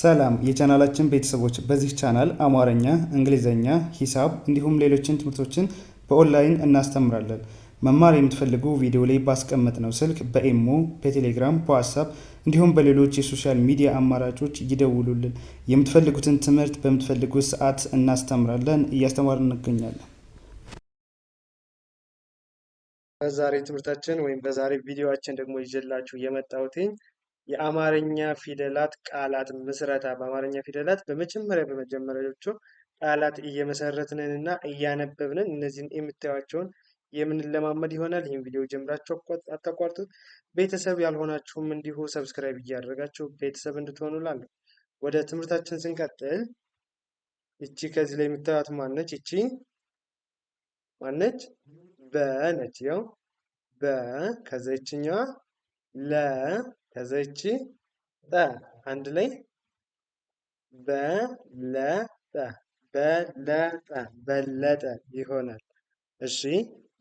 ሰላም የቻናላችን ቤተሰቦች፣ በዚህ ቻናል አማርኛ፣ እንግሊዝኛ፣ ሂሳብ እንዲሁም ሌሎችን ትምህርቶችን በኦንላይን እናስተምራለን። መማር የምትፈልጉ ቪዲዮ ላይ ባስቀመጥ ነው ስልክ በኢሞ በቴሌግራም በዋትሳፕ እንዲሁም በሌሎች የሶሻል ሚዲያ አማራጮች ይደውሉልን። የምትፈልጉትን ትምህርት በምትፈልጉት ሰዓት እናስተምራለን፣ እያስተማርን እንገኛለን። በዛሬ ትምህርታችን ወይም በዛሬ ቪዲዮችን ደግሞ ይዤላችሁ የመጣሁትኝ የአማርኛ ፊደላት ቃላት ምስረታ በአማርኛ ፊደላት በመጀመሪያ በመጀመሪያዎቹ ቃላት እየመሰረትንን እና እያነበብንን እነዚህን የምታዩቸውን የምንለማመድ ይሆናል። ይህም ቪዲዮ ጀምራችሁ አታቋርጡት። ቤተሰብ ያልሆናችሁም እንዲሁ ሰብስክራይብ እያደረጋችሁ ቤተሰብ እንድትሆኑ ላለሁ። ወደ ትምህርታችን ስንቀጥል ይቺ ከዚህ ላይ የምታዩት ማነች? ይቺ ማነች? በነች ያው በ ከዛ ይችኛዋ ለ ከዘች ጠ አንድ ላይ በለጠ በለጠ በለጠ ይሆናል። እሺ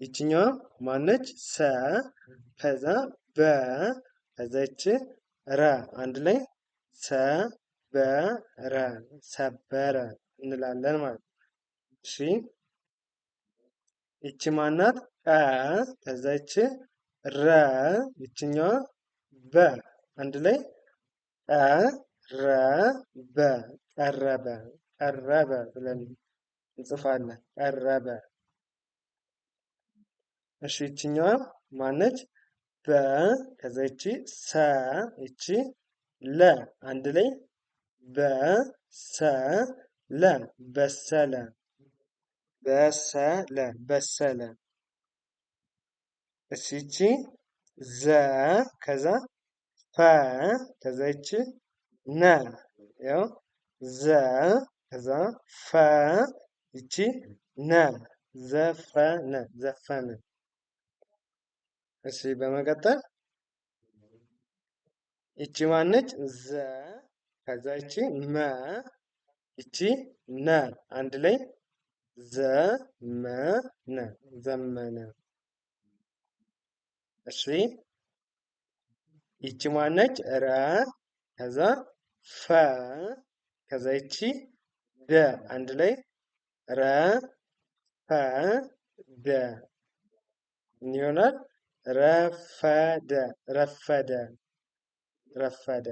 ይችኛዋ ማነች? ሰ ከዛ በ ከዛ ረ አንድ ላይ ሰ በረ ሰበረ እንላለን ማለት እሺ ይቺ ማናት? ቀ ከዛ ረ ይችኛዋ በ አንድ ላይ ቀረበ ቀረበ ቀረበ ብለን እንጽፋለን። ቀረበ። እሺ ይችኛዋ ማነች? በ ከዛ ይቺ ሰ ይቺ ለ አንድ ላይ በሰለ በሰለ በሰለ በሰለ። እሺ ይቺ ዘ ከዛ ፈ ከዛች ነ ያው ዘ ከዛ ፈ ይቺ ነ ዘፈነ ዘፈነ። እሺ በመቀጠል ይቺ ማነች? ዘ ከዛ ይቺ መ ይቺ ነ አንድ ላይ ዘመነ ዘመነ። እሺ ይቺ ማነች? ረ ከዛ ፈ ከዛ ይቺ ደ አንድ ላይ ረ ፈ ደ ይሆናል። ረፈደ ረፈደ ረፈደ።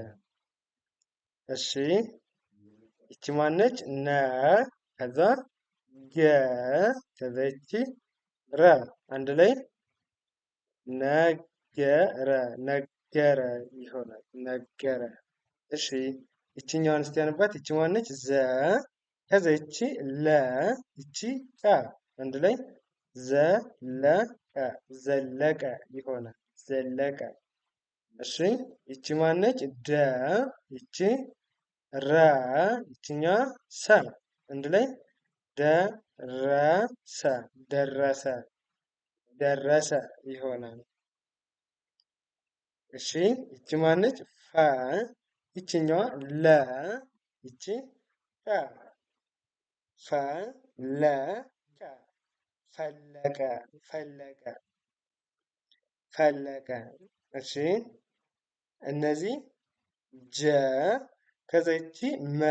እሺ ይቺ ማነች? ነ ከዛ ገ ከዛ ይቺ ረ አንድ ላይ ነገረ ነገ ነገረ ይሆናል። ነገረ። እሺ ይችኛዋን እስቲ ያንባት። ይቺ ማነች? ዘ ከዚ ይቺ ለ ይቺ ቀ አንድ ላይ ዘ ለ ዘለቀ ዘለቀ ይሆናል። ዘለቀ። እሺ ይቺ ማነች? ደ ይቺ ረ ይችኛዋ ሰ አንድ ላይ ደረሰ ደረሰ ደረሰ ይሆናል። እሺ ይቺ ማነች? ፈ ይችኛዋ ለ ይቺ ፈ ፈ ለ ፈለቀ ፈለቀ ፈለቀ። እሺ እነዚህ ጀ ከዛ ይቺ መ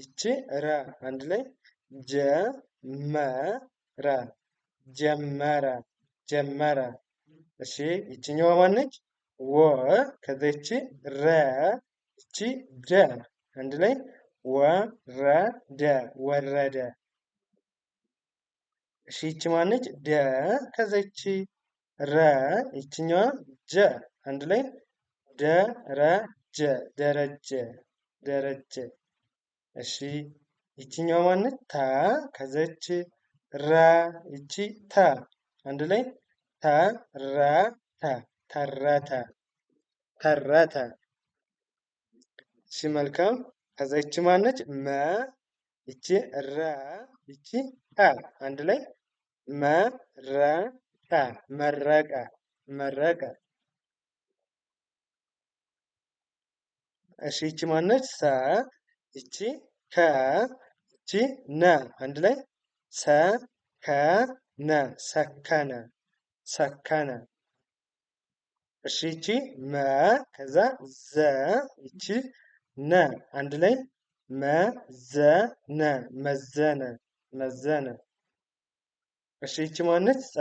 ይቺ ረ አንድ ላይ ጀ መ ረ ጀመረ ጀመረ። እሺ ይችኛዋ ማነች? ወ ከዛ ይቺ ረ ይቺ ደ አንድ ላይ ወረደ ወረደ። እሺ ይቺ ማነች? ደ ከዛ ይቺ ረ ይችኛዋ ጀ አንድ ላይ ደረጀ ደረጀ ደረጀ። እሺ ይችኛዋ ማነች? ታ ከዛ ይቺ ራ ይቺ ታ አንድ ላይ ተራታ ተረተ። ተረተ እሺ መልካም። ከዛ ይቺ ማነች? መ ይቺ ረ ይቺ ተ አንድ ላይ መ ረ ተ መረቀ መረቀ። እሺ ይቺ ማነች? ሰ ይቺ ከ ይቺ ነ አንድ ላይ ሰ ከ ነ ሰከነ ሰከነ እሺ ይቺ መ ከዛ ዘ ይቺ ነ አንድ ላይ መ ዘ ነ መዘነ መዘነ። እሺ ይቺ ማነች? ፀ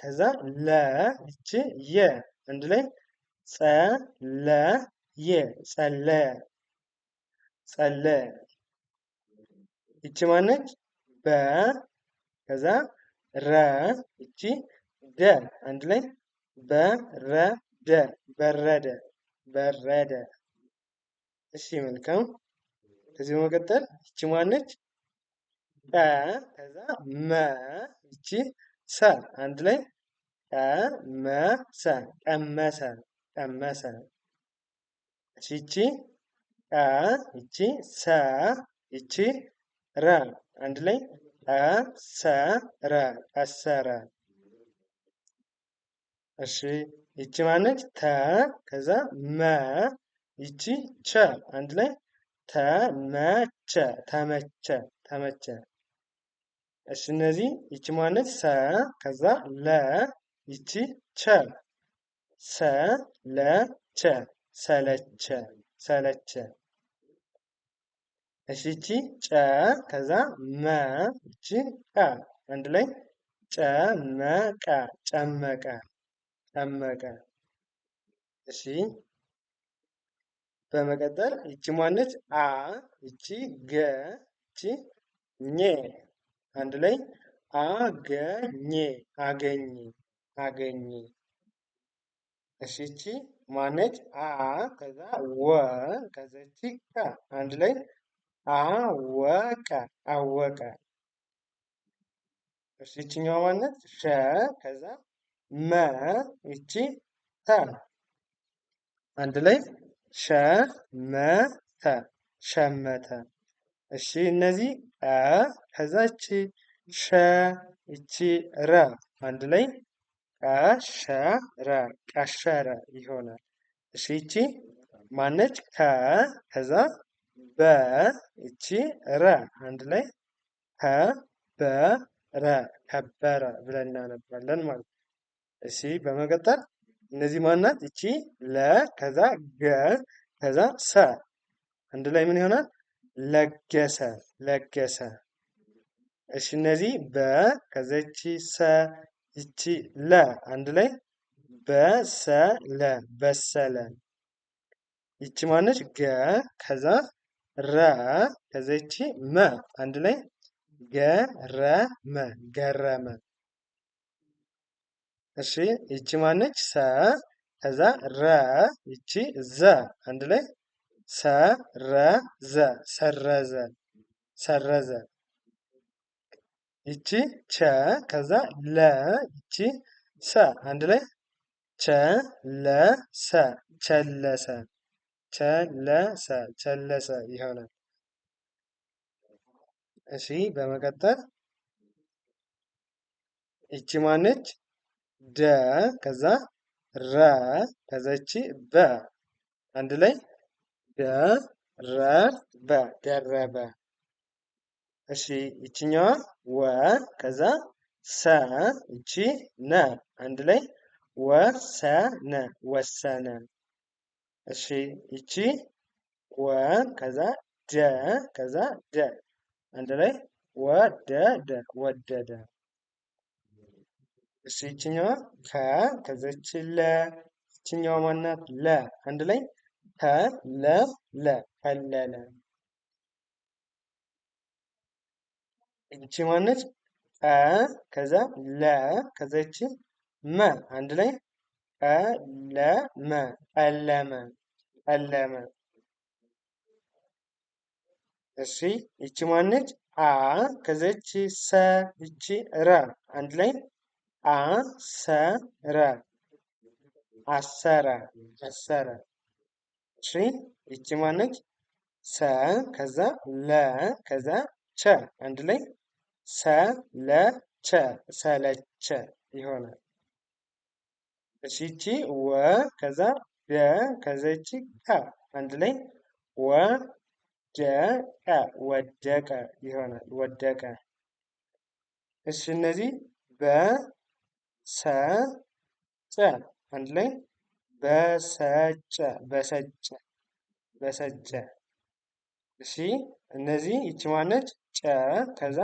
ከዛ ለ ይቺ የ አንድ ላይ ፀ ለ የ ጸለየ ጸለየ። ይቺ ማነች? በ ከዛ ረ ይቺ ደ አንድ ላይ በረ ደ በረደ በረደ። እሺ መልካም። ከዚህ በመቀጠል እቺ ማነች? ጠ ከዛ መ እቺ ሰ አንድ ላይ መ ሰ ቀመሰ ቀመሰ። እሺ እቺ ጠ እቺ ሰ እቺ ረ አንድ ላይ ቀሰረ ቀሰረ። እሺ ይቺ ማነች? ተ ከዛ መ ይቺ ቸ አንድ ላይ ተመቸ ተመቸ ተመቸ። እሺ እነዚህ ይቺ ማነች? ሰ ከዛ ለ ይቺ ቸ ሰ ለ ቸ ሰለቸ ሰለቸ። እሺ ይቺ ጨ ከዛ መ ይቺ ቃ አንድ ላይ ጨመቀ ጨመቀ ታመቀ። እሺ በመቀጠል ይቺ ማነች? አ ይቺ ገ ይቺ ኘ አንድ ላይ አገኘ አገኝ አገኝ እሺ ይቺ ማነች? አ ከዛ ወ ከዛ ይቺ ከ አንድ ላይ አወቀ አወቀ። እሺ ይቺኛዋ ማነች? ሸ ከዛ መ ይቺ ተ አንድ ላይ ሸመተ ሸመተ። እሺ እነዚህ አ ከዛች ሸ ይቺ ረ አንድ ላይ ቀሸረ ቀሸረ ይሆናል። እሺ ይቺ ማነች? ከ ከዛ በ ይቺ ረ አንድ ላይ ከበረ ከበረ ብለን እናነባለን ማለት ነው። እሺ በመቀጠል እነዚህ ማናት? እቺ ለ ከዛ ገ ከዛ ሰ አንድ ላይ ምን ይሆናል? ለገሰ ለገሰ። እሺ እነዚህ በ ከዛ እቺ ሰ እቺ ለ አንድ ላይ በሰለ በሰለ። እቺ ማነች? ገ ከዛ ረ ከዛ እቺ መ አንድ ላይ ገረመ ገረመ። እሺ ይቺ ማነች? ሰ ከዛ ረ ይቺ ዘ አንድ ላይ ሰ ረ ዘ ሰረዘ ሰረዘ። ይቺ ቸ ከዛ ለ ይቺ ሰ አንድ ላይ ቸ ለ ሰ ቸለሰ ቸለሰ ቸለሰ ይሆናል። እሺ በመቀጠል ይቺ ማነች? ደ ከዛ ረ ከዛቺ በ አንድ ላይ ደ ረ በ ደረበ። እሺ ይችኛዋ ወ ከዛ ሰ እቺ ነ አንድ ላይ ወሰነ ወሰነ። እሺ ይቺ ወ ከዛ ደ ከዛ ደ አንድ ላይ ወደደ ወደደ። እሱ ይችኛዋ ከ ከዘች ለ ይችኛዋ ማናት ለ አንድ ላይ ከ ለ ለ ፈለለ። እቺ ማነች? ቀ ከዛ ለ ከዘች መ አንድ ላይ ቀ ለ መ ቀለመ ቀለመ። እሺ ይቺ ማነች? አ ከዘች ሰ ይቺ ረ አንድ ላይ አሰረ አሰረ አሰረ። እሺ ይቺ ማነች? ሰ ከዛ ለ ከዛ ቸ አንድ ላይ ሰ ለ ቸ ሰለቸ ይሆናል። እሺ ይቺ ወ ከዛ ደ ከዛ ይቺ ቃ አንድ ላይ ወ ደ ቃ ወደቀ ይሆናል። ወደቀ። እሺ እነዚህ በ ሰ አንድ ላይ በሰጨ በሰጨ በሰጨ። እሺ እነዚህ ይቺ ማነች? ጨ ከዛ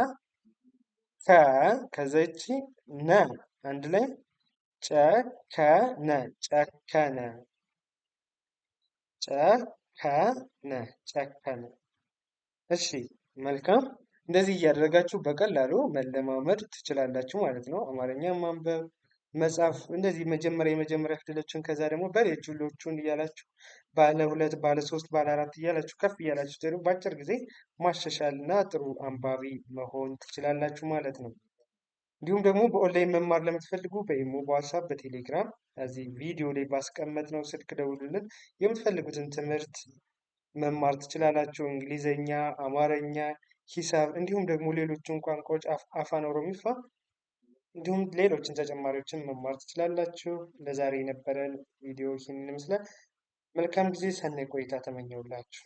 ከ ከዛ ይቺ ነ አንድ ላይ ጨከነ ጨከነ ጨከነ ጨከነ። እሺ መልካም እንደዚህ እያደረጋችሁ በቀላሉ መለማመድ ትችላላችሁ ማለት ነው። አማርኛ ማንበብ መጻፍ እንደዚህ መጀመሪያ የመጀመሪያ ፊደሎችን ከዛ ደግሞ በሌሎች እያላችሁ ባለ ሁለት ባለ ሶስት ባለ አራት እያላችሁ ከፍ እያላችሁ ደግሞ በአጭር ጊዜ ማሻሻል እና ጥሩ አንባቢ መሆን ትችላላችሁ ማለት ነው። እንዲሁም ደግሞ በኦንላይን መማር ለምትፈልጉ በኢሞ፣ በዋትሳፕ፣ በቴሌግራም እዚህ ቪዲዮ ላይ ባስቀመጥ ነው ስልክ ደውሉልን። የምትፈልጉትን ትምህርት መማር ትችላላችሁ። እንግሊዘኛ፣ አማርኛ ሂሳብ እንዲሁም ደግሞ ሌሎችን ቋንቋዎች አፋን ኦሮሚፋ እንዲሁም ሌሎችን ተጨማሪዎችን መማር ትችላላችሁ። ለዛሬ የነበረን ቪዲዮ ይህንን ይመስላል። መልካም ጊዜ፣ ሰናይ ቆይታ ተመኘውላችሁ።